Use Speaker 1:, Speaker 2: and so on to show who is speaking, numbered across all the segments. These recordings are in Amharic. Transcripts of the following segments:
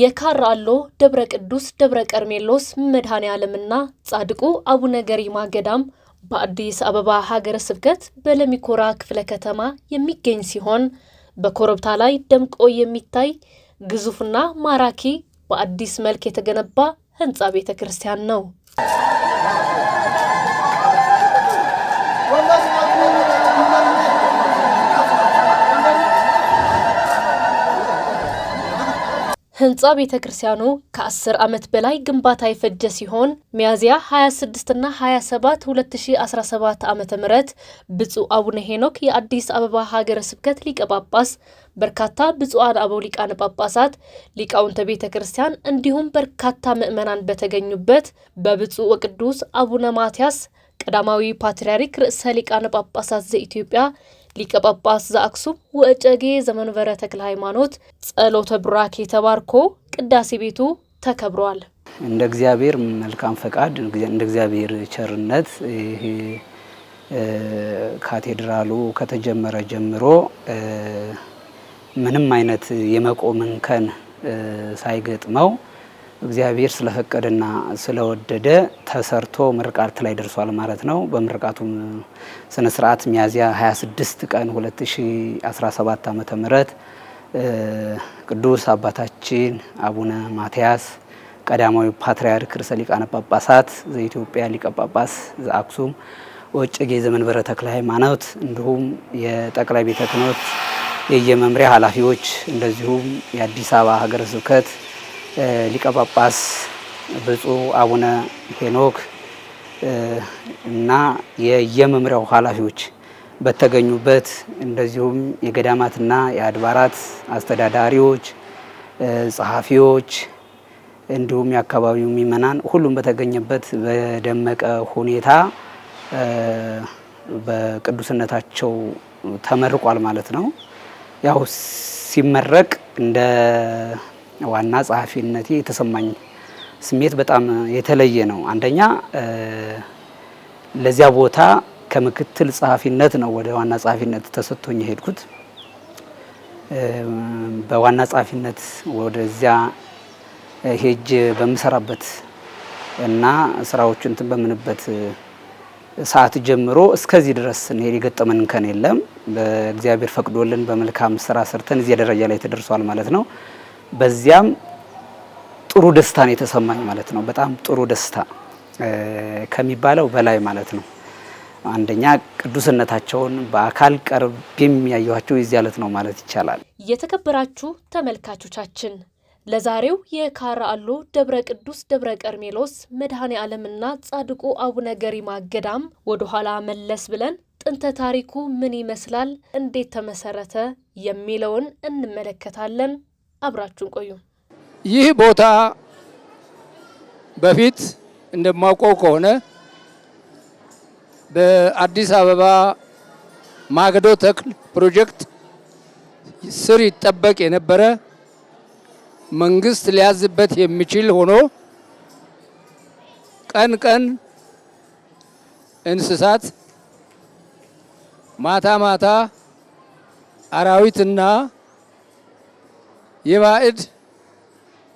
Speaker 1: የካራሎ ደብረ ቅዱስ ደብረ ቀርሜሎስ መድኃኔ ዓለምና ጻድቁ አቡነ ገሪማ ገዳም በአዲስ አበባ ሀገረ ስብከት በለሚኮራ ክፍለ ከተማ የሚገኝ ሲሆን በኮረብታ ላይ ደምቆ የሚታይ ግዙፍና ማራኪ በአዲስ መልክ የተገነባ ህንፃ ቤተ ክርስቲያን ነው። ህንፃ ቤተ ክርስቲያኑ ከ10 ዓመት በላይ ግንባታ የፈጀ ሲሆን ሚያዝያ 26ና 27 2017 ዓ ም ብፁዕ አቡነ ሄኖክ የአዲስ አበባ ሀገረ ስብከት ሊቀ ጳጳስ፣ በርካታ ብፁዓን አበው ሊቃነ ጳጳሳት፣ ሊቃውንተ ቤተ ክርስቲያን እንዲሁም በርካታ ምዕመናን በተገኙበት በብፁዕ ወቅዱስ አቡነ ማትያስ ቀዳማዊ ፓትርያርክ ርዕሰ ሊቃነ ጳጳሳት ዘኢትዮጵያ ሊቀ ጳጳስ ዘአክሱም ወጨጌ ዘመንበረ ተክለ ሃይማኖት ጸሎተ ብራኬ ተባርኮ ቅዳሴ ቤቱ ተከብሯል።
Speaker 2: እንደ እግዚአብሔር መልካም ፈቃድ እንደ እግዚአብሔር ቸርነት ይሄ ካቴድራሉ ከተጀመረ ጀምሮ ምንም አይነት የመቆም እንከን ሳይገጥመው እግዚአብሔር ስለፈቀደና ስለወደደ ተሰርቶ ምርቃት ላይ ደርሷል ማለት ነው። በምርቃቱም ስነ ስርዓት ሚያዝያ 26 ቀን 2017 ዓ.ም ቅዱስ አባታችን አቡነ ማትያስ ቀዳማዊ ፓትርያርክ ርእሰ ሊቃነ ጳጳሳት ዘኢትዮጵያ ሊቀ ጳጳስ ዘአክሱም ወእጨጌ ዘመንበረ ተክለ ሃይማኖት እንዲሁም የጠቅላይ ቤተ ክህነት የየመምሪያ ኃላፊዎች እንደዚሁም የአዲስ አበባ ሀገረ ስብከት ሊቀ ጳጳስ ብፁዕ አቡነ ሄኖክ እና የየመምሪያው ኃላፊዎች በተገኙበት እንደዚሁም የገዳማትና የአድባራት አስተዳዳሪዎች፣ ጸሐፊዎች እንዲሁም የአካባቢው ምእመናን ሁሉም በተገኘበት በደመቀ ሁኔታ በቅዱስነታቸው ተመርቋል ማለት ነው። ያው ሲመረቅ እንደ ዋና ጸሐፊነቴ የተሰማኝ ስሜት በጣም የተለየ ነው። አንደኛ ለዚያ ቦታ ከምክትል ጸሐፊነት ነው ወደ ዋና ጸሐፊነት ተሰጥቶኝ የሄድኩት። በዋና ጸሐፊነት ወደዚያ ሄጅ በምሰራበት እና ስራዎቹን እንትን በምንበት ሰዓት ጀምሮ እስከዚህ ድረስ ስንሄድ የገጠመን እንከን የለም። በእግዚአብሔር ፈቅዶልን በመልካም ስራ ሰርተን እዚያ ደረጃ ላይ ተደርሷል ማለት ነው። በዚያም ጥሩ ደስታ ነው የተሰማኝ ማለት ነው። በጣም ጥሩ ደስታ ከሚባለው በላይ ማለት ነው። አንደኛ ቅዱስነታቸውን በአካል ቀርብ የሚያየኋቸው የዚህ ዕለት ነው ማለት ይቻላል።
Speaker 1: የተከበራችሁ ተመልካቾቻችን ለዛሬው የካራ አሎ ደብረ ቅዱስ ደብረ ቀርሜሎስ መድኃኔ ዓለምና ጻድቁ አቡነ ገሪማ ገዳም ወደ ኋላ መለስ ብለን ጥንተ ታሪኩ ምን ይመስላል፣ እንዴት ተመሰረተ የሚለውን እንመለከታለን። አብራችሁን ቆዩ።
Speaker 3: ይህ ቦታ በፊት እንደማውቀው ከሆነ በአዲስ አበባ ማገዶ ተክል ፕሮጀክት ስር ይጠበቅ የነበረ መንግስት ሊያዝበት የሚችል ሆኖ ቀን ቀን እንስሳት ማታ ማታ አራዊትና የባዕድ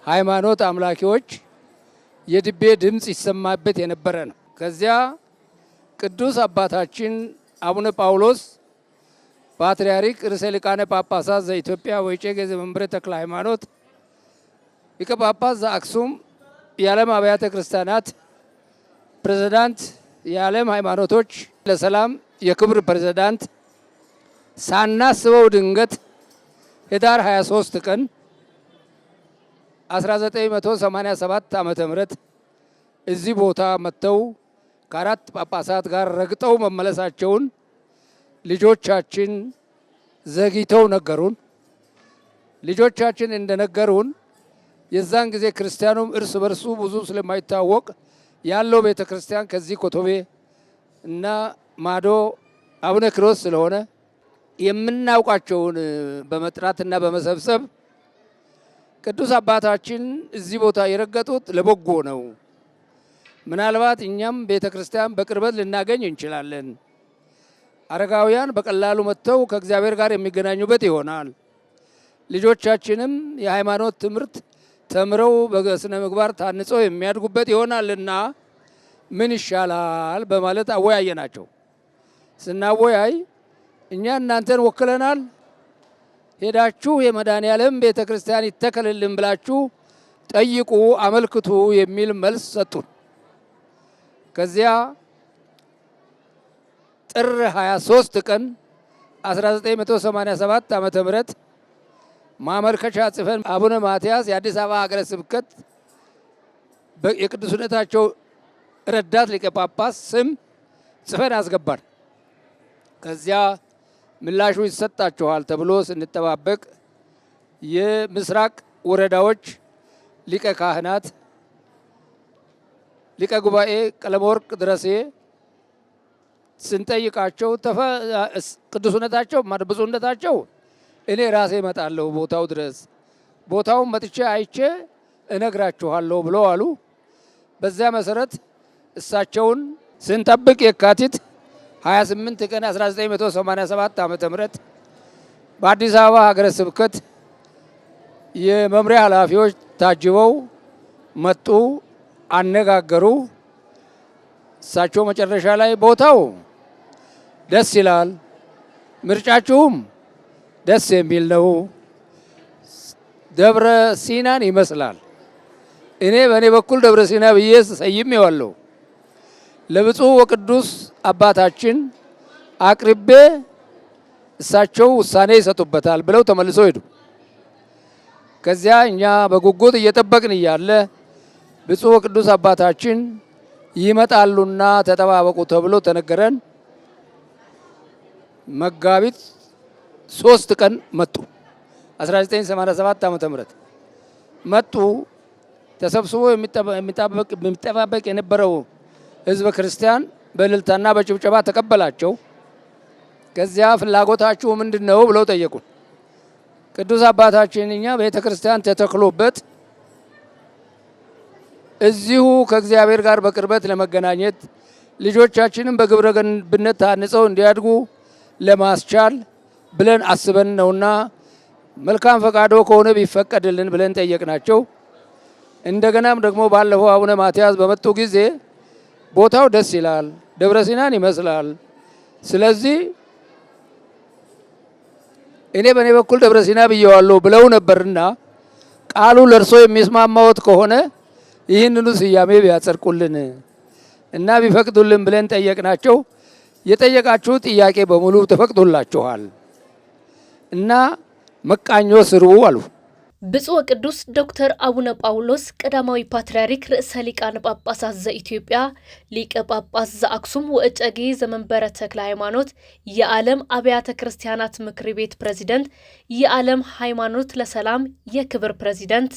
Speaker 3: ሃይማኖት አምላኪዎች የድቤ ድምፅ ይሰማበት የነበረ ነው። ከዚያ ቅዱስ አባታችን አቡነ ጳውሎስ ፓትርያርክ ርዕሰ ሊቃነ ጳጳሳት ዘኢትዮጵያ ወእጨጌ ዘመንበረ ተክለ ሃይማኖት ሊቀ ጳጳስ ዘአክሱም የዓለም አብያተ ክርስቲያናት ፕሬዝዳንት፣ የዓለም ሃይማኖቶች ለሰላም የክብር ፕሬዝዳንት ሳናስበው ድንገት ህዳር 23 ቀን 1987 ዓ ም እዚህ ቦታ መጥተው ከአራት ጳጳሳት ጋር ረግጠው መመለሳቸውን ልጆቻችን ዘግይተው ነገሩን። ልጆቻችን እንደነገሩን የዛን ጊዜ ክርስቲያኑም እርስ በርሱ ብዙ ስለማይታወቅ ያለው ቤተ ክርስቲያን ከዚህ ኮቶቤ እና ማዶ አቡነ ክሮስ ስለሆነ የምናውቃቸውን በመጥራትና በመሰብሰብ ቅዱስ አባታችን እዚህ ቦታ የረገጡት ለበጎ ነው። ምናልባት እኛም ቤተ ክርስቲያን በቅርበት ልናገኝ እንችላለን። አረጋውያን በቀላሉ መጥተው ከእግዚአብሔር ጋር የሚገናኙበት ይሆናል። ልጆቻችንም የሃይማኖት ትምህርት ተምረው በስነ ምግባር ታንጸው የሚያድጉበት ይሆናልና ምን ይሻላል በማለት አወያየ ናቸው። ስናወያይ እኛ እናንተን ወክለናል ሄዳችሁ የመድኃኔዓለም ቤተ ክርስቲያን ይተከልልን ብላችሁ ጠይቁ፣ አመልክቱ የሚል መልስ ሰጡን። ከዚያ ጥር 23 ቀን 1987 ዓ ም ማመልከቻ ጽፈን አቡነ ማትያስ የአዲስ አበባ ሀገረ ስብከት የቅዱስነታቸው ረዳት ሊቀ ጳጳስ ስም ጽፈን አስገባን። ከዚያ ምላሹ ይሰጣችኋል ተብሎ ስንጠባበቅ የምስራቅ ወረዳዎች ሊቀ ካህናት ሊቀ ጉባኤ ቀለመወርቅ ድረሴ ስንጠይቃቸው ቅዱስነታቸው ብፁዕነታቸው እኔ ራሴ እመጣለሁ ቦታው ድረስ ቦታውን መጥቼ አይቼ እነግራችኋለሁ ብለው አሉ። በዚያ መሰረት እሳቸውን ስንጠብቅ የካቲት 28 ቀን 1987 ዓ.ም በአዲስ አበባ ሀገረ ስብከት የመምሪያ ኃላፊዎች ታጅበው መጡ፣ አነጋገሩ። እሳቸው መጨረሻ ላይ ቦታው ደስ ይላል፣ ምርጫችሁም ደስ የሚል ነው፣ ደብረ ሲናን ይመስላል። እኔ በእኔ በኩል ደብረ ሲና ብዬ ሰይሜዋለሁ። ለብፁዕ ወቅዱስ አባታችን አቅርቤ እሳቸው ውሳኔ ይሰጡበታል ብለው ተመልሰው ሄዱ። ከዚያ እኛ በጉጉት እየጠበቅን እያለ ብፁዕ ወቅዱስ አባታችን ይመጣሉና ተጠባበቁ ተብሎ ተነገረን። መጋቢት ሶስት ቀን መጡ። 1987 ዓ ም መጡ። ተሰብስቦ የሚጠባበቅ የነበረው ህዝበ ክርስቲያን በእልልታና በጭብጨባ ተቀበላቸው። ከዚያ ፍላጎታችሁ ምንድን ነው ብለው ጠየቁን። ቅዱስ አባታችን እኛ ቤተ ክርስቲያን ተተክሎበት እዚሁ ከእግዚአብሔር ጋር በቅርበት ለመገናኘት ልጆቻችንም በግብረ ገብነት ታንጸው እንዲያድጉ ለማስቻል ብለን አስበን ነውና መልካም ፈቃዶ ከሆነ ቢፈቀድልን ብለን ጠየቅናቸው። እንደገናም ደግሞ ባለፈው አቡነ ማትያስ በመጡ ጊዜ ቦታው ደስ ይላል፣ ደብረ ሲናን ይመስላል። ስለዚህ እኔ በእኔ በኩል ደብረ ሲና ብየዋለሁ ብለው ነበርና ቃሉ ለእርሶ የሚስማማዎት ከሆነ ይህንኑ ስያሜ ቢያጸድቁልን እና ቢፈቅዱልን ብለን ጠየቅናቸው። የጠየቃችሁ ጥያቄ በሙሉ ተፈቅዶላችኋል እና መቃኞ ስሩ አሉ።
Speaker 1: ብፁዕ ወቅዱስ ዶክተር አቡነ ጳውሎስ ቀዳማዊ ፓትርያርክ ርዕሰ ሊቃነ ጳጳሳት ዘኢትዮጵያ ሊቀ ጳጳስ ዘአክሱም ወእጨጌ ዘመንበረ ተክለ ሃይማኖት የዓለም አብያተ ክርስቲያናት ምክር ቤት ፕሬዚደንት፣ የዓለም ሃይማኖት ለሰላም የክብር ፕሬዚደንት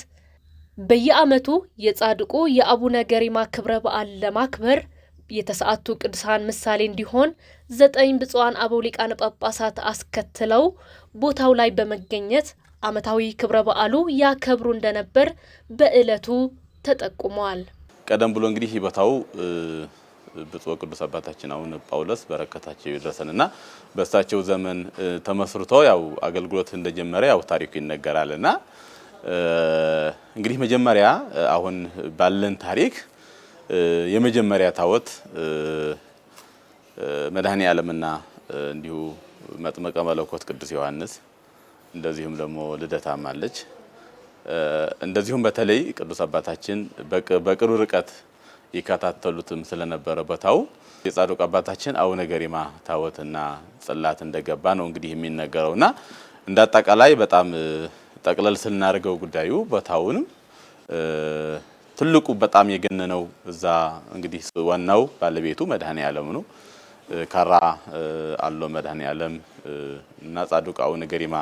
Speaker 1: በየዓመቱ የጻድቁ የአቡነ ገሪማ ክብረ በዓል ለማክበር የተሰዓቱ ቅዱሳን ምሳሌ እንዲሆን ዘጠኝ ብፁዓን አበው ሊቃነ ጳጳሳት አስከትለው ቦታው ላይ በመገኘት ዓመታዊ ክብረ በዓሉ ያከብሩ እንደነበር በዕለቱ ተጠቁሟል።
Speaker 4: ቀደም ብሎ እንግዲህ ሂበታው ብፁዕ ወቅዱስ አባታችን አቡነ ጳውሎስ በረከታቸው ይድረሰንና በእሳቸው ዘመን ተመስርቶ ያው አገልግሎት እንደጀመረ ያው ታሪኩ ይነገራልና እንግዲህ መጀመሪያ አሁን ባለን ታሪክ የመጀመሪያ ታቦት መድኃኔ ዓለምና እንዲሁ መጥመቀ መለኮት ቅዱስ ዮሐንስ እንደዚሁም ደግሞ ልደታም አለች። እንደዚሁም በተለይ ቅዱስ አባታችን በቅርብ ርቀት ይከታተሉትም ስለነበረ ቦታው የጻድቁ አባታችን አቡነ ገሪማ ታቦትና ጽላት እንደገባ ነው እንግዲህ የሚነገረውና እንደ አጠቃላይ በጣም ጠቅለል ስናደርገው ጉዳዩ ቦታውንም ትልቁ በጣም የገነነው እዛ እንግዲህ ዋናው ባለቤቱ መድኃኔ ዓለም ነው። ካራ አሎ መድኃኔ ዓለም እና ጻድቁ አቡነ ገሪማ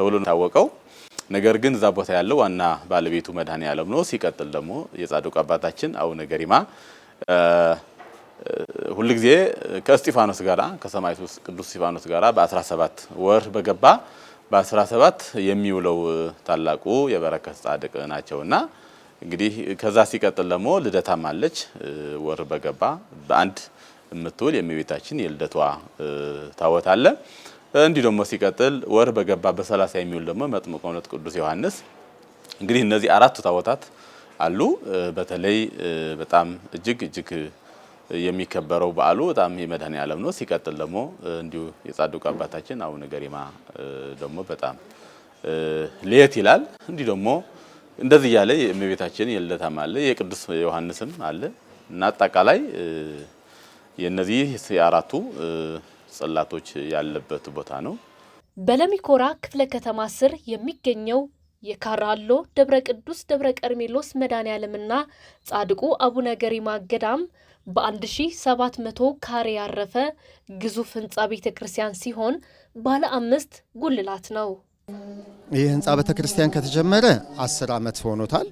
Speaker 4: ተብሎ ታወቀው። ነገር ግን እዛ ቦታ ያለው ዋና ባለቤቱ መድኃኔ ዓለም ነው። ሲቀጥል ደግሞ የጻድቁ አባታችን አቡነ ገሪማ ሁልጊዜ ከእስጢፋኖስ ጋራ ከሰማዕቱ ቅዱስ እስጢፋኖስ ጋራ በ17 ወር በገባ በ17 የሚውለው ታላቁ የበረከት ጻድቅ ናቸውና እንግዲህ ከዛ ሲቀጥል ደግሞ ልደታም አለች። ወር በገባ በአንድ የምትውል የእመቤታችን የልደቷ ታቦት አለ። እንዲህ ደግሞ ሲቀጥል ወር በገባ በሰላሳ የሚውል ደግሞ መጥምቀ እውነት ቅዱስ ዮሐንስ። እንግዲህ እነዚህ አራቱ ታቦታት አሉ። በተለይ በጣም እጅግ እጅግ የሚከበረው በዓሉ በጣም የመድኃኔ ዓለም ነው። ሲቀጥል ደግሞ እንዲሁ የጻድቁ አባታችን አቡነ ገሪማ ደግሞ በጣም ለየት ይላል። እንዲህ ደግሞ እንደዚህ እያለ የእመቤታችን የልደታም አለ የቅዱስ ዮሐንስም አለ እና አጠቃላይ የእነዚህ የአራቱ ጽላቶች ያለበት ቦታ ነው።
Speaker 1: በለሚኮራ ክፍለ ከተማ ስር የሚገኘው የካራሎ ደብረ ቅዱስ ደብረ ቀርሜሎስ መድኃኔዓለምና ጻድቁ አቡነ ገሪማ ገዳም በ1700 ካሬ ያረፈ ግዙፍ ህንፃ ቤተ ክርስቲያን ሲሆን ባለ አምስት ጉልላት ነው።
Speaker 2: ይህ ህንፃ ቤተ ክርስቲያን ከተጀመረ አስር ዓመት ሆኖታል።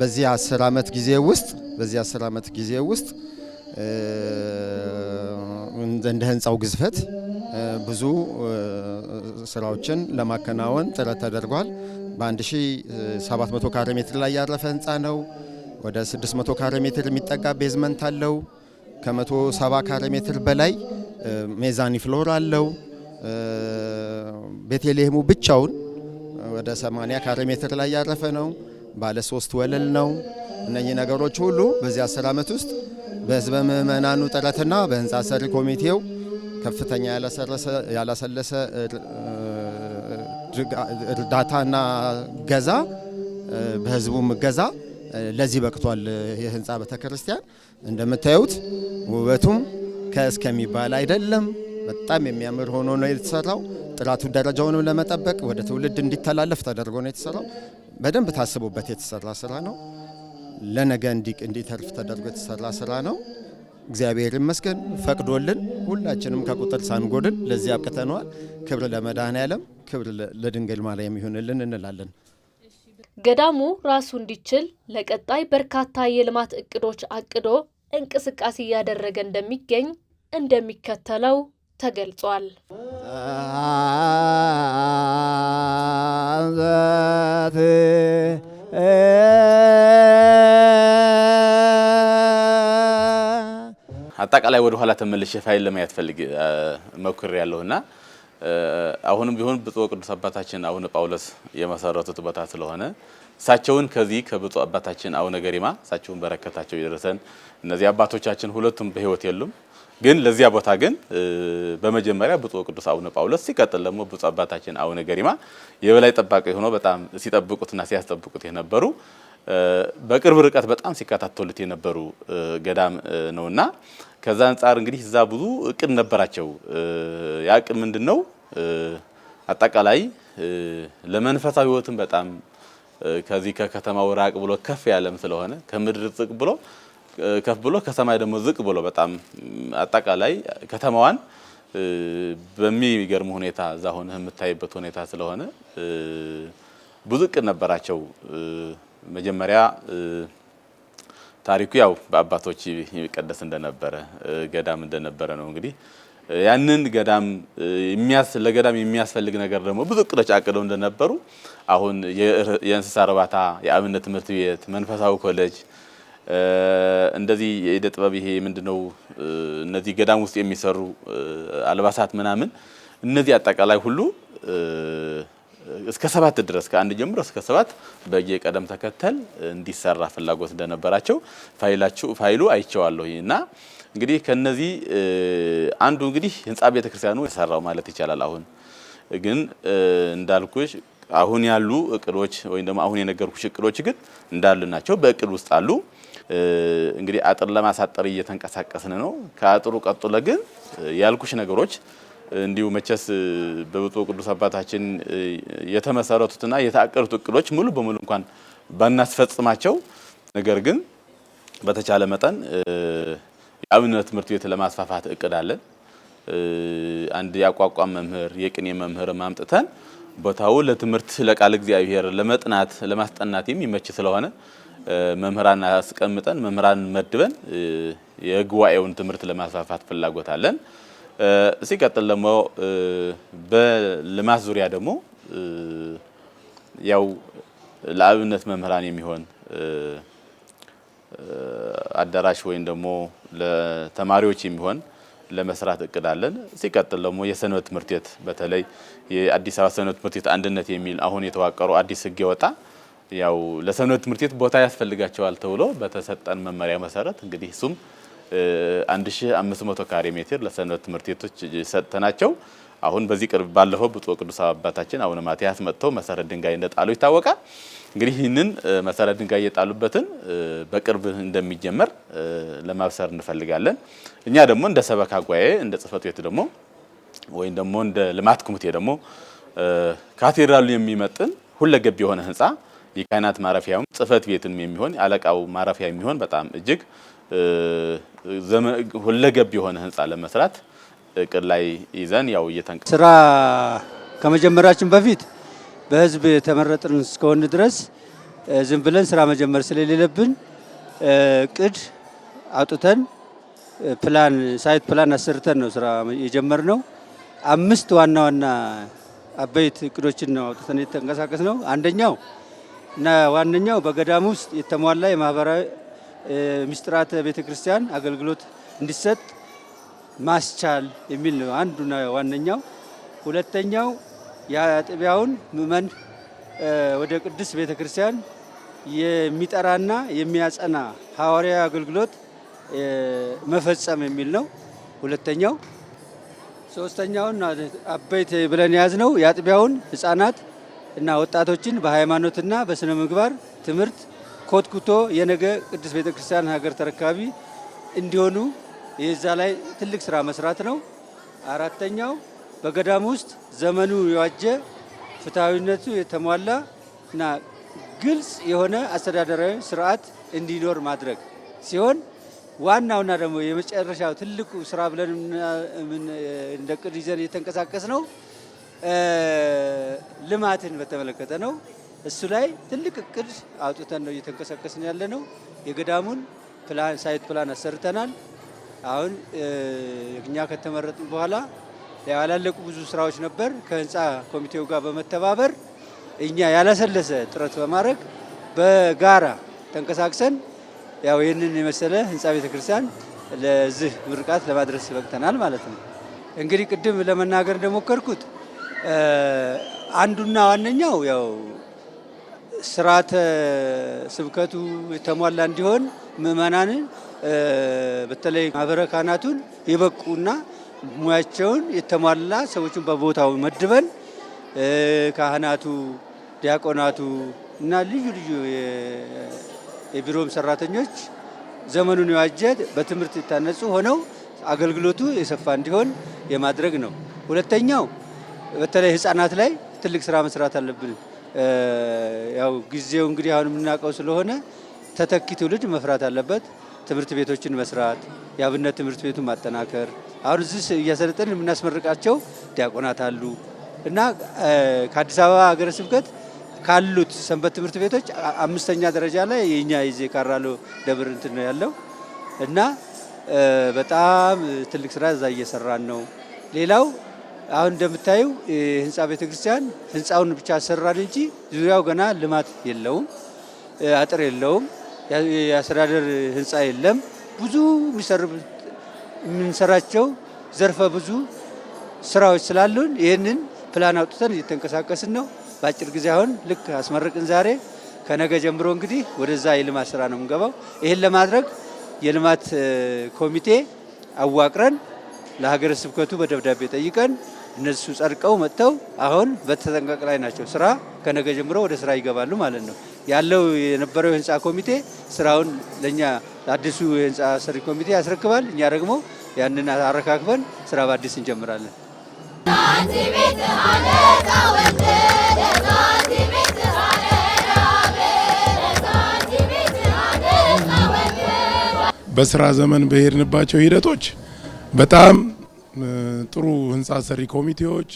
Speaker 2: በዚህ አስር ዓመት ጊዜ ውስጥ በዚህ አስር ዓመት ጊዜ ውስጥ እንደ ህንፃው ግዝፈት ብዙ ስራዎችን ለማከናወን ጥረት ተደርጓል። በ1700 ካሬ ሜትር ላይ ያረፈ ህንፃ ነው። ወደ 600 ካሬ ሜትር የሚጠጋ ቤዝመንት አለው። ከ170 ካሬ ሜትር በላይ ሜዛኒ ፍሎር አለው። ቤተልሔሙ ብቻውን ወደ 80 ካሬ ሜትር ላይ ያረፈ ነው። ባለ ሶስት ወለል ነው። እነኚህ ነገሮች ሁሉ በዚህ 10 ዓመት ውስጥ በህዝበ ምእመናኑ ጥረትና በህንፃ ሰሪ ኮሚቴው ከፍተኛ ያላሰለሰ እርዳታና ገዛ በህዝቡም ገዛ ለዚህ በቅቷል። የህንፃ ቤተክርስቲያን እንደምታዩት ውበቱም ከእስከሚባል አይደለም። በጣም የሚያምር ሆኖ ነው የተሰራው። ጥራቱን ደረጃውንም ለመጠበቅ ወደ ትውልድ እንዲተላለፍ ተደርጎ ነው የተሰራው። በደንብ ታስቦበት የተሰራ ስራ ነው። ለነገ እንዲተርፍ ተደርጎ የተሰራ ስራ ነው። እግዚአብሔር ይመስገን ፈቅዶልን ሁላችንም ከቁጥር ሳንጎድን ለዚህ አብቅተነዋል። ክብር ለመድኃኔዓለም፣ ክብር ለድንግል ማርያም ይሁንልን እንላለን።
Speaker 1: ገዳሙ ራሱ እንዲችል ለቀጣይ በርካታ የልማት እቅዶች አቅዶ እንቅስቃሴ እያደረገ እንደሚገኝ እንደሚከተለው ተገልጿል።
Speaker 4: አጠቃላይ ወደ ኋላ ተመልሼ ፋይል ለማየት ፈልግ መኩር ያለሁና አሁንም ቢሆን ብፁዕ ቅዱስ አባታችን አቡነ ጳውሎስ የመሰረቱት ቦታ ስለሆነ እሳቸውን ከዚህ ከብፁዕ አባታችን አቡነ ገሪማ እሳቸውን በረከታቸው ይደረሰን። እነዚህ አባቶቻችን ሁለቱም በህይወት የሉም፣ ግን ለዚያ ቦታ ግን በመጀመሪያ ብፁዕ ቅዱስ አቡነ ጳውሎስ ሲቀጥል ደግሞ ብፁዕ አባታችን አቡነ ገሪማ የበላይ ጠባቂ ሆኖ በጣም ሲጠብቁትና ሲያስጠብቁት የነበሩ በቅርብ ርቀት በጣም ሲከታተሉት የነበሩ ገዳም ነውና ከዛ አንጻር እንግዲህ እዛ ብዙ እቅድ ነበራቸው። ያ እቅድ ምንድን ነው? አጠቃላይ ለመንፈሳዊ ህይወትም በጣም ከዚህ ከከተማው ራቅ ብሎ ከፍ ያለም ስለሆነ ከምድር ዝቅ ብሎ ከፍ ብሎ ከሰማይ ደግሞ ዝቅ ብሎ በጣም አጠቃላይ ከተማዋን በሚገርም ሁኔታ እዛ ሆነ የምታይበት ሁኔታ ስለሆነ ብዙ እቅድ ነበራቸው መጀመሪያ ታሪኩ ያው በአባቶች የሚቀደስ እንደነበረ ገዳም እንደነበረ ነው። እንግዲህ ያንን ገዳም ለገዳም የሚያስፈልግ ነገር ደግሞ ብዙ እቅዶች አቅደው እንደነበሩ አሁን የእንስሳ እርባታ፣ የአብነት ትምህርት ቤት፣ መንፈሳዊ ኮሌጅ እንደዚህ የእደ ጥበብ ይሄ ምንድነው እነዚህ ገዳም ውስጥ የሚሰሩ አልባሳት ምናምን እነዚህ አጠቃላይ ሁሉ እስከ ሰባት ድረስ ከአንድ ጀምሮ እስከ ሰባት በየቀደም ተከተል እንዲሰራ ፍላጎት እንደነበራቸው ፋይሉ አይቸዋለሁ እና እንግዲህ ከነዚህ አንዱ እንግዲህ ህንፃ ክርስቲያኑ የሰራው ማለት ይቻላል። አሁን ግን እንዳልኩሽ አሁን ያሉ እቅዶች ወይም ደግሞ አሁን የነገርኩሽ እቅዶች ግን እንዳሉ ናቸው፣ በእቅድ ውስጥ አሉ። እንግዲህ አጥር ለማሳጠር እየተንቀሳቀስን ነው። ከአጥሩ ቀጥሎ ግን ያልኩሽ ነገሮች እንዲሁ መቼስ በብፁዕ ቅዱስ አባታችን የተመሰረቱትና የታቀዱት እቅዶች ሙሉ በሙሉ እንኳን ባናስፈጽማቸው፣ ነገር ግን በተቻለ መጠን የአብነት ትምህርት ቤት ለማስፋፋት እቅድ አለን። አንድ የአቋቋም መምህር የቅኔ መምህር ማምጥተን ቦታው ለትምህርት ለቃል እግዚአብሔር ለመጥናት ለማስጠናት የሚመች ስለሆነ መምህራን አስቀምጠን መምህራን መድበን የጉባኤውን ትምህርት ለማስፋፋት ፍላጎት አለን። ሲቀጥል ደግሞ በልማት ዙሪያ ደግሞ ያው ለአብነት መምህራን የሚሆን አዳራሽ ወይም ደግሞ ለተማሪዎች የሚሆን ለመስራት እቅድ አለን። ሲቀጥል ደግሞ የሰንበት ትምህርት ቤት በተለይ የአዲስ አበባ ሰንበት ትምህርት ቤት አንድነት የሚል አሁን የተዋቀሩ አዲስ ህግ የወጣ ያው ለሰንበት ትምህርት ቤት ቦታ ያስፈልጋቸዋል ተብሎ በተሰጠን መመሪያ መሰረት እንግዲህ እሱም 1500 ካሬ ሜትር ለሰንበት ትምህርት ቤቶች ሰጥተናቸው አሁን በዚህ ቅርብ ባለፈው ብፁዕ ቅዱስ አባታችን አቡነ ማትያስ መጥተው መሰረት ድንጋይ እንደጣሉ ይታወቃል። እንግዲህ ይህንን መሰረት ድንጋይ የጣሉበትን በቅርብ እንደሚጀመር ለማብሰር እንፈልጋለን። እኛ ደግሞ እንደ ሰበካ ጉባኤ እንደ ጽሕፈት ቤት ደግሞ ወይም ደግሞ እንደ ልማት ኮሚቴ ደግሞ ካቴድራሉ የሚመጥን ሁለገብ የሆነ ህንፃ የካህናት ማረፊያውም ጽሕፈት ቤትም የሚሆን አለቃው ማረፊያ የሚሆን በጣም እጅግ ሁለገብ የሆነ ህንፃ ለመስራት እቅድ ላይ ይዘን ያው እየተንቀ
Speaker 2: ስራ ከመጀመራችን በፊት በህዝብ የተመረጥን እስከሆን ድረስ ዝም ብለን ስራ መጀመር ስለሌለብን እቅድ አውጥተን ፕላን ሳይት ፕላን አሰርተን ነው ስራ የጀመርነው። አምስት ዋና ዋና አበይት እቅዶችን ነው አውጥተን የተንቀሳቀስ ነው። አንደኛው እና ዋነኛው በገዳም ውስጥ የተሟላ የማህበራዊ ምስጢራተ ቤተ ክርስቲያን አገልግሎት እንዲሰጥ ማስቻል የሚል ነው አንዱና ዋነኛው። ሁለተኛው የአጥቢያውን ምእመን ወደ ቅዱስ ቤተ ክርስቲያን የሚጠራና የሚያጸና ሐዋርያዊ አገልግሎት መፈጸም የሚል ነው ሁለተኛው። ሶስተኛውን አበይት ብለን የያዝነው የአጥቢያውን ህፃናት እና ወጣቶችን በሃይማኖትና በስነ ምግባር ትምህርት ኮትኩቶ የነገ ቅዱስ ቤተ ክርስቲያን ሀገር ተረካቢ እንዲሆኑ የዛ ላይ ትልቅ ስራ መስራት ነው። አራተኛው በገዳም ውስጥ ዘመኑ የዋጀ ፍትሐዊነቱ የተሟላ እና ግልጽ የሆነ አስተዳደራዊ ስርዓት እንዲኖር ማድረግ ሲሆን ዋናውና ደግሞ የመጨረሻው ትልቁ ስራ ብለን እንደ ቅድ ይዘን እየተንቀሳቀስ ነው ልማትን በተመለከተ ነው። እሱ ላይ ትልቅ እቅድ አውጥተን ነው እየተንቀሳቀስን ያለ ነው። የገዳሙን ፕላን ሳይት ፕላን አሰርተናል። አሁን እኛ ከተመረጥን በኋላ ያላለቁ ብዙ ስራዎች ነበር። ከህንፃ ኮሚቴው ጋር በመተባበር እኛ ያላሰለሰ ጥረት በማድረግ በጋራ ተንቀሳቅሰን ያው ይህንን የመሰለ ህንፃ ቤተክርስቲያን ለዚህ ምርቃት ለማድረስ በቅተናል ማለት ነው። እንግዲህ ቅድም ለመናገር እንደሞከርኩት አንዱና ዋነኛው ያው ስርዓተ ስብከቱ የተሟላ እንዲሆን ምእመናንን በተለይ ማህበረ ካህናቱን የበቁና ሙያቸውን የተሟላ ሰዎችን በቦታው መድበን ካህናቱ፣ ዲያቆናቱ እና ልዩ ልዩ የቢሮም ሰራተኞች ዘመኑን የዋጀ በትምህርት የታነጹ ሆነው አገልግሎቱ የሰፋ እንዲሆን የማድረግ ነው። ሁለተኛው በተለይ ህጻናት ላይ ትልቅ ስራ መስራት አለብን። ያው ጊዜው እንግዲህ አሁን የምናውቀው ስለሆነ ተተኪ ትውልድ መፍራት አለበት። ትምህርት ቤቶችን መስራት፣ የአብነት ትምህርት ቤቱን ማጠናከር። አሁን እዚህ እያሰለጠን የምናስመርቃቸው ዲያቆናት አሉ እና ከአዲስ አበባ ሀገረ ስብከት ካሉት ሰንበት ትምህርት ቤቶች አምስተኛ ደረጃ ላይ የኛ ይዜ ካራሎ ደብር እንትን ነው ያለው እና በጣም ትልቅ ስራ እዛ እየሰራን ነው። ሌላው አሁን እንደምታዩ ህንፃ ቤተክርስቲያን ህንፃውን ብቻ አሰራል እንጂ ዙሪያው ገና ልማት የለውም፣ አጥር የለውም፣ የአስተዳደር ህንፃ የለም። ብዙ የምንሰራቸው ዘርፈ ብዙ ስራዎች ስላሉን ይህንን ፕላን አውጥተን እየተንቀሳቀስን ነው። በአጭር ጊዜ አሁን ልክ አስመረቅን ዛሬ። ከነገ ጀምሮ እንግዲህ ወደዛ የልማት ስራ ነው የምንገባው። ይህን ለማድረግ የልማት ኮሚቴ አዋቅረን ለሀገረ ስብከቱ በደብዳቤ ጠይቀን እነሱ ጸድቀው መጥተው አሁን በተጠንቀቅ ላይ ናቸው። ስራ ከነገ ጀምሮ ወደ ስራ ይገባሉ ማለት ነው። ያለው የነበረው የህንፃ ኮሚቴ ስራውን ለእኛ አዲሱ የህንፃ ሰሪ ኮሚቴ ያስረክባል። እኛ ደግሞ ያንን አረካክበን ስራ በአዲስ እንጀምራለን።
Speaker 5: በስራ ዘመን በሄድንባቸው ሂደቶች በጣም ጥሩ ህንፃ ሰሪ ኮሚቴዎች፣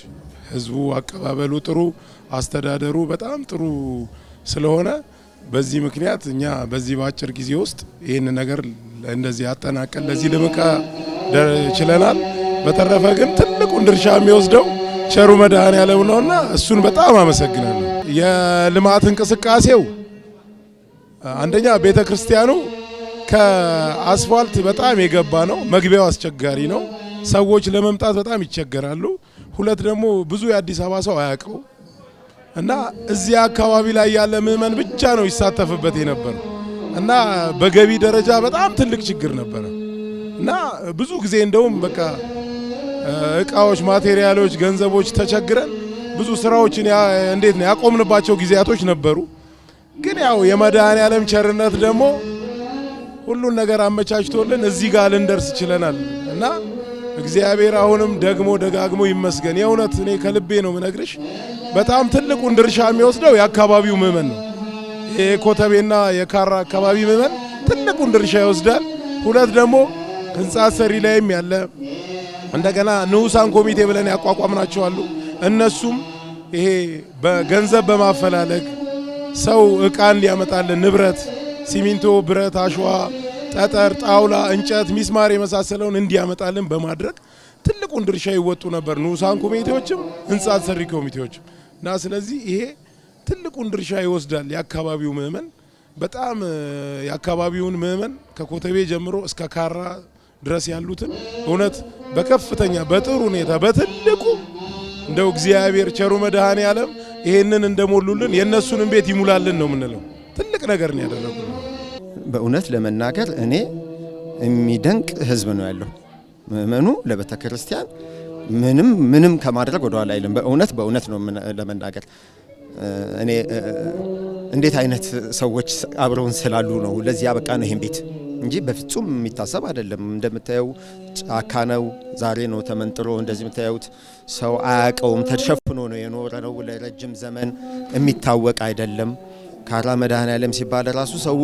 Speaker 5: ህዝቡ አቀባበሉ ጥሩ፣ አስተዳደሩ በጣም ጥሩ ስለሆነ በዚህ ምክንያት እኛ በዚህ በአጭር ጊዜ ውስጥ ይህን ነገር እንደዚህ አጠናቀን ለዚህ ልምቃ ችለናል። በተረፈ ግን ትልቁን ድርሻ የሚወስደው ቸሩ መድኃኔ ዓለም ነውና እሱን በጣም አመሰግናለሁ። የልማት እንቅስቃሴው አንደኛ ቤተ ክርስቲያኑ ከአስፋልት በጣም የገባ ነው። መግቢያው አስቸጋሪ ነው። ሰዎች ለመምጣት በጣም ይቸገራሉ። ሁለት ደግሞ ብዙ የአዲስ አበባ ሰው አያውቀው እና እዚያ አካባቢ ላይ ያለ ምዕመን ብቻ ነው ይሳተፍበት የነበረ እና በገቢ ደረጃ በጣም ትልቅ ችግር ነበረ እና ብዙ ጊዜ እንደውም በቃ እቃዎች፣ ማቴሪያሎች፣ ገንዘቦች ተቸግረን ብዙ ስራዎችን እንዴት ነው ያቆምንባቸው ጊዜያቶች ነበሩ። ግን ያው የመድኃኔዓለም ቸርነት ደግሞ ሁሉን ነገር አመቻችቶልን እዚህ ጋር ልንደርስ ችለናል እና እግዚአብሔር አሁንም ደግሞ ደጋግሞ ይመስገን። የእውነት እኔ ከልቤ ነው ምነግርሽ። በጣም ትልቁን ድርሻ የሚወስደው የአካባቢው ምመን ነው። የኮተቤና የካራ አካባቢ ምዕመን ትልቁን ድርሻ ይወስዳል። ሁለት ደግሞ ህንጻ ሰሪ ላይም ያለ እንደገና ንዑሳን ኮሚቴ ብለን ያቋቋምናቸዋሉ። እነሱም ይሄ በገንዘብ በማፈላለግ ሰው ዕቃ እንዲያመጣልን ንብረት ሲሚንቶ፣ ብረት፣ አሸዋ ጠጠር፣ ጣውላ፣ እንጨት፣ ሚስማር የመሳሰለውን እንዲያመጣልን በማድረግ ትልቁን ድርሻ ይወጡ ነበር ንዑሳን ኮሚቴዎችም ህንፃ ሰሪ ኮሚቴዎችም እና ስለዚህ ይሄ ትልቁን ድርሻ ይወስዳል። የአካባቢው ምዕመን በጣም የአካባቢውን ምዕመን ከኮተቤ ጀምሮ እስከ ካራ ድረስ ያሉትን እውነት በከፍተኛ በጥሩ ሁኔታ በትልቁ እንደው እግዚአብሔር ቸሩ መድኃኔ ዓለም ይሄንን እንደሞሉልን የእነሱንም ቤት ይሙላልን ነው የምንለው። ትልቅ ነገር ነው ያደረጉ
Speaker 2: በእውነት ለመናገር እኔ የሚደንቅ ህዝብ ነው ያለው። ምእመኑ ለቤተ ክርስቲያን ምንም ምንም ከማድረግ ወደኋላ አይልም። በእውነት በእውነት ነው ለመናገር እኔ እንዴት አይነት ሰዎች አብረውን ስላሉ ነው ለዚህ ያበቃ ነው ይህን ቤት እንጂ በፍጹም የሚታሰብ አይደለም። እንደምታየው ጫካ ነው፣ ዛሬ ነው ተመንጥሮ እንደዚህ የምታየውት። ሰው አያቀውም፣ ተሸፍኖ ነው የኖረ ነው ለረጅም ዘመን የሚታወቅ አይደለም። ካራ መድኃኔ ዓለም ሲባል ራሱ ሰው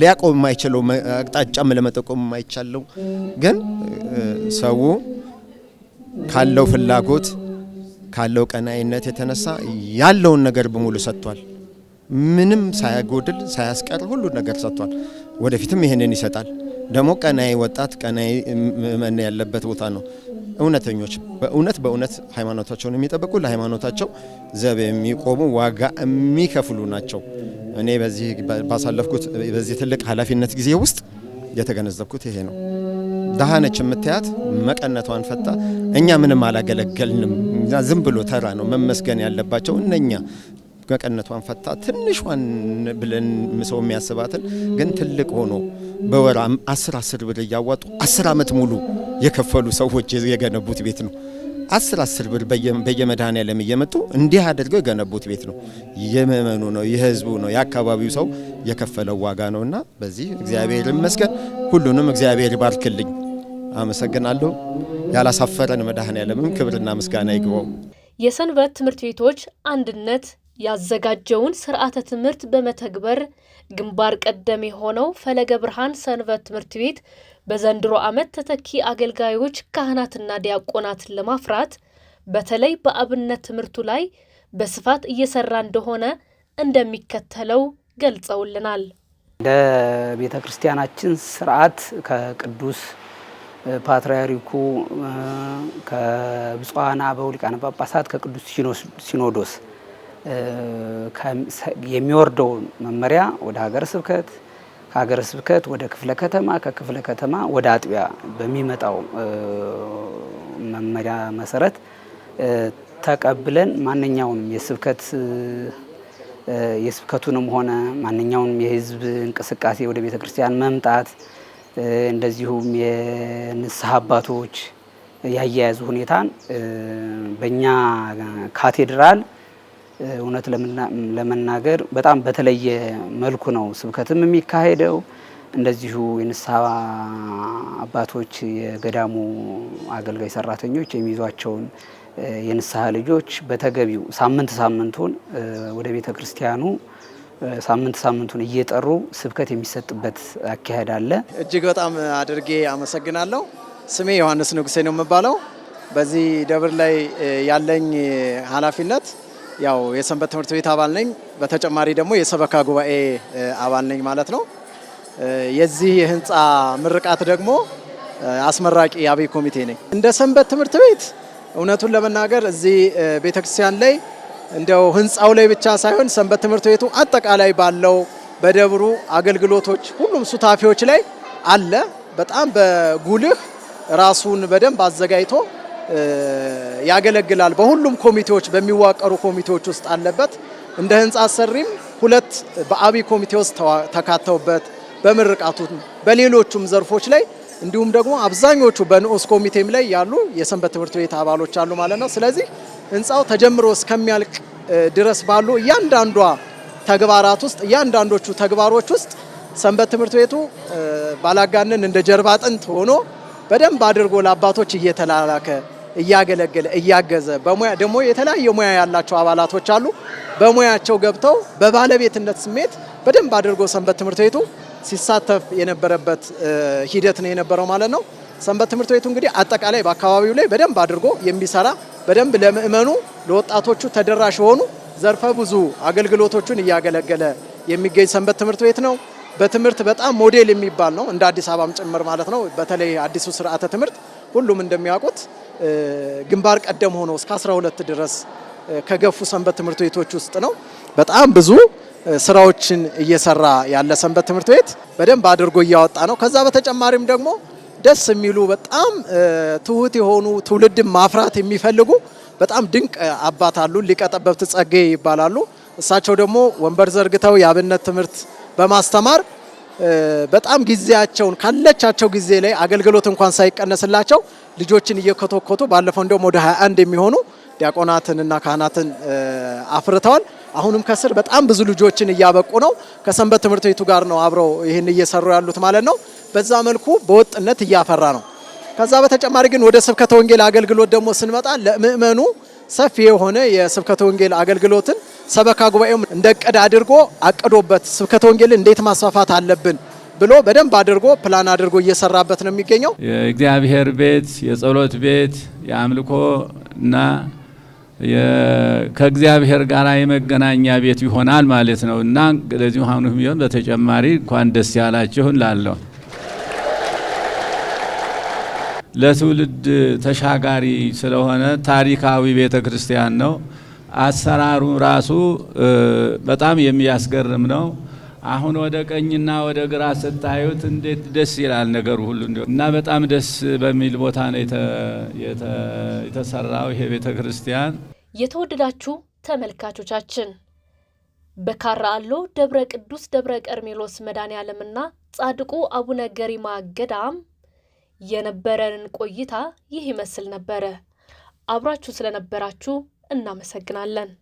Speaker 2: ሊያቆም የማይችለው አቅጣጫም ለመጠቆም የማይቻለው ግን ሰው ካለው ፍላጎት ካለው ቀናይነት የተነሳ ያለውን ነገር በሙሉ ሰጥቷል። ምንም ሳያጎድል ሳያስቀር ሁሉ ነገር ሰጥቷል። ወደፊትም ይህንን ይሰጣል። ደግሞ ቀናይ ወጣት ቀናይ መነ ያለበት ቦታ ነው። እውነተኞች በእውነት በእውነት ሃይማኖታቸውን የሚጠብቁ ለሃይማኖታቸው ዘብ የሚቆሙ ዋጋ የሚከፍሉ ናቸው። እኔ በዚህ ባሳለፍኩት በዚህ ትልቅ ኃላፊነት ጊዜ ውስጥ የተገነዘብኩት ይሄ ነው። ድሃ ነች የምታያት መቀነቷን ፈታ። እኛ ምንም አላገለገልንም፣ ዝም ብሎ ተራ ነው። መመስገን ያለባቸው እነኛ መቀነቷን ፈታ ትንሿን ብለን ሰው የሚያስባትን ግን ትልቅ ሆኖ በወራም አስር አስር ብር እያዋጡ አስር ዓመት ሙሉ የከፈሉ ሰዎች የገነቡት ቤት ነው። አስር አስር ብር በየመድኃኔዓለም እየመጡ እንዲህ አድርገው የገነቡት ቤት ነው። የምዕመኑ ነው፣ የህዝቡ ነው፣ የአካባቢው ሰው የከፈለው ዋጋ ነው እና በዚህ እግዚአብሔር ይመስገን። ሁሉንም እግዚአብሔር ይባርክልኝ። አመሰግናለሁ። ያላሳፈረን መድኃኔዓለምም ክብርና ምስጋና ይግባው።
Speaker 1: የሰንበት ትምህርት ቤቶች አንድነት ያዘጋጀውን ስርዓተ ትምህርት በመተግበር ግንባር ቀደም የሆነው ፈለገ ብርሃን ሰንበት ትምህርት ቤት በዘንድሮ ዓመት ተተኪ አገልጋዮች ካህናትና ዲያቆናትን ለማፍራት በተለይ በአብነት ትምህርቱ ላይ በስፋት እየሰራ እንደሆነ እንደሚከተለው ገልጸውልናል።
Speaker 2: እንደ ቤተ ክርስቲያናችን ስርዓት ከቅዱስ ፓትርያርኩ ከብፁዓን አበው ሊቃነ ጳጳሳት ከቅዱስ ሲኖዶስ የሚወርደው መመሪያ ወደ ሀገረ ስብከት ከሀገረ ስብከት ወደ ክፍለ ከተማ ከክፍለ ከተማ ወደ አጥቢያ በሚመጣው መመሪያ መሰረት ተቀብለን ማንኛውንም የስብከት የስብከቱንም ሆነ ማንኛውንም የሕዝብ እንቅስቃሴ ወደ ቤተ ክርስቲያን መምጣት እንደዚሁም የንስሐ አባቶች ያያያዙ ሁኔታን በእኛ ካቴድራል እውነት ለመናገር በጣም በተለየ መልኩ ነው ስብከትም የሚካሄደው። እንደዚሁ የንስሐ አባቶች የገዳሙ አገልጋይ ሰራተኞች የሚይዟቸውን የንስሐ ልጆች በተገቢው ሳምንት ሳምንቱን ወደ ቤተ ክርስቲያኑ ሳምንት ሳምንቱን እየጠሩ ስብከት የሚሰጥበት አካሄድ አለ።
Speaker 3: እጅግ በጣም አድርጌ አመሰግናለሁ። ስሜ ዮሐንስ ንጉሴ ነው የምባለው። በዚህ ደብር ላይ ያለኝ ኃላፊነት ያው የሰንበት ትምህርት ቤት አባል ነኝ። በተጨማሪ ደግሞ የሰበካ ጉባኤ አባል ነኝ ማለት ነው። የዚህ የህንፃ ምርቃት ደግሞ አስመራቂ አብይ ኮሚቴ ነኝ። እንደ ሰንበት ትምህርት ቤት እውነቱን ለመናገር እዚህ ቤተክርስቲያን ላይ እንደው ህንፃው ላይ ብቻ ሳይሆን ሰንበት ትምህርት ቤቱ አጠቃላይ ባለው በደብሩ አገልግሎቶች ሁሉም ሱታፊዎች ላይ አለ። በጣም በጉልህ ራሱን በደንብ አዘጋጅቶ ያገለግላል። በሁሉም ኮሚቴዎች በሚዋቀሩ ኮሚቴዎች ውስጥ አለበት። እንደ ህንፃ ሰሪም ሁለት በአቢ ኮሚቴ ውስጥ ተካተውበት በምርቃቱ በሌሎቹም ዘርፎች ላይ እንዲሁም ደግሞ አብዛኞቹ በንዑስ ኮሚቴም ላይ ያሉ የሰንበት ትምህርት ቤት አባሎች አሉ ማለት ነው። ስለዚህ ህንፃው ተጀምሮ እስከሚያልቅ ድረስ ባሉ እያንዳንዷ ተግባራት ውስጥ እያንዳንዶቹ ተግባሮች ውስጥ ሰንበት ትምህርት ቤቱ ባላጋንን እንደ ጀርባ አጥንት ሆኖ በደንብ አድርጎ ለአባቶች እየተላላከ እያገለገለ እያገዘ በሙያ ደግሞ የተለያየ ሙያ ያላቸው አባላቶች አሉ። በሙያቸው ገብተው በባለቤትነት ስሜት በደንብ አድርጎ ሰንበት ትምህርት ቤቱ ሲሳተፍ የነበረበት ሂደት ነው የነበረው ማለት ነው። ሰንበት ትምህርት ቤቱ እንግዲህ አጠቃላይ በአካባቢው ላይ በደንብ አድርጎ የሚሰራ በደንብ ለምእመኑ ለወጣቶቹ ተደራሽ የሆኑ ዘርፈ ብዙ አገልግሎቶቹን እያገለገለ የሚገኝ ሰንበት ትምህርት ቤት ነው። በትምህርት በጣም ሞዴል የሚባል ነው እንደ አዲስ አበባም ጭምር ማለት ነው። በተለይ አዲሱ ስርዓተ ትምህርት ሁሉም እንደሚያውቁት ግንባር ቀደም ሆኖ እስከ 12 ድረስ ከገፉ ሰንበት ትምህርት ቤቶች ውስጥ ነው። በጣም ብዙ ስራዎችን እየሰራ ያለ ሰንበት ትምህርት ቤት በደንብ አድርጎ እያወጣ ነው። ከዛ በተጨማሪም ደግሞ ደስ የሚሉ በጣም ትሁት የሆኑ ትውልድን ማፍራት የሚፈልጉ በጣም ድንቅ አባት አሉ። ሊቀ ጠበብት ይባላሉ። እሳቸው ደግሞ ወንበር ዘርግተው የአብነት ትምህርት በማስተማር በጣም ጊዜያቸውን ካለቻቸው ጊዜ ላይ አገልግሎት እንኳን ሳይቀነስላቸው ልጆችን እየኮተኮቱ ባለፈው እንደውም ወደ 21 የሚሆኑ ዲያቆናትንና ካህናትን አፍርተዋል። አሁንም ከስር በጣም ብዙ ልጆችን እያበቁ ነው። ከሰንበት ትምህርት ቤቱ ጋር ነው አብረው ይህን እየሰሩ ያሉት ማለት ነው። በዛ መልኩ በወጥነት እያፈራ ነው። ከዛ በተጨማሪ ግን ወደ ስብከተ ወንጌል አገልግሎት ደግሞ ስንመጣ ለምእመኑ ሰፊ የሆነ የስብከተ ወንጌል አገልግሎትን ሰበካ ጉባኤውም እንደ እቅድ አድርጎ አቅዶበት ስብከተ ወንጌልን እንዴት ማስፋፋት አለብን ብሎ በደንብ አድርጎ ፕላን አድርጎ እየሰራበት ነው የሚገኘው።
Speaker 6: የእግዚአብሔር ቤት፣ የጸሎት ቤት፣ የአምልኮ እና ከእግዚአብሔር ጋር የመገናኛ ቤት ይሆናል ማለት ነው እና ለዚሁ አሁኑ ቢሆን በተጨማሪ እንኳን ደስ ያላችሁ እላለሁ። ለትውልድ ተሻጋሪ ስለሆነ ታሪካዊ ቤተ ክርስቲያን ነው። አሰራሩ ራሱ በጣም የሚያስገርም ነው። አሁን ወደ ቀኝና ወደ ግራ ስታዩት እንዴት ደስ ይላል ነገሩ ሁሉ እና በጣም ደስ በሚል ቦታ ነው የተሰራው ይሄ ቤተ ክርስቲያን።
Speaker 1: የተወደዳችሁ ተመልካቾቻችን በካራ አሎ ደብረ ቅዱስ ደብረ ቀርሜሎስ መድኃኔ ጻድቁ አቡነ ገሪማ ገዳም የነበረንን ቆይታ ይህ ይመስል ነበረ። አብራችሁ ስለነበራችሁ እናመሰግናለን።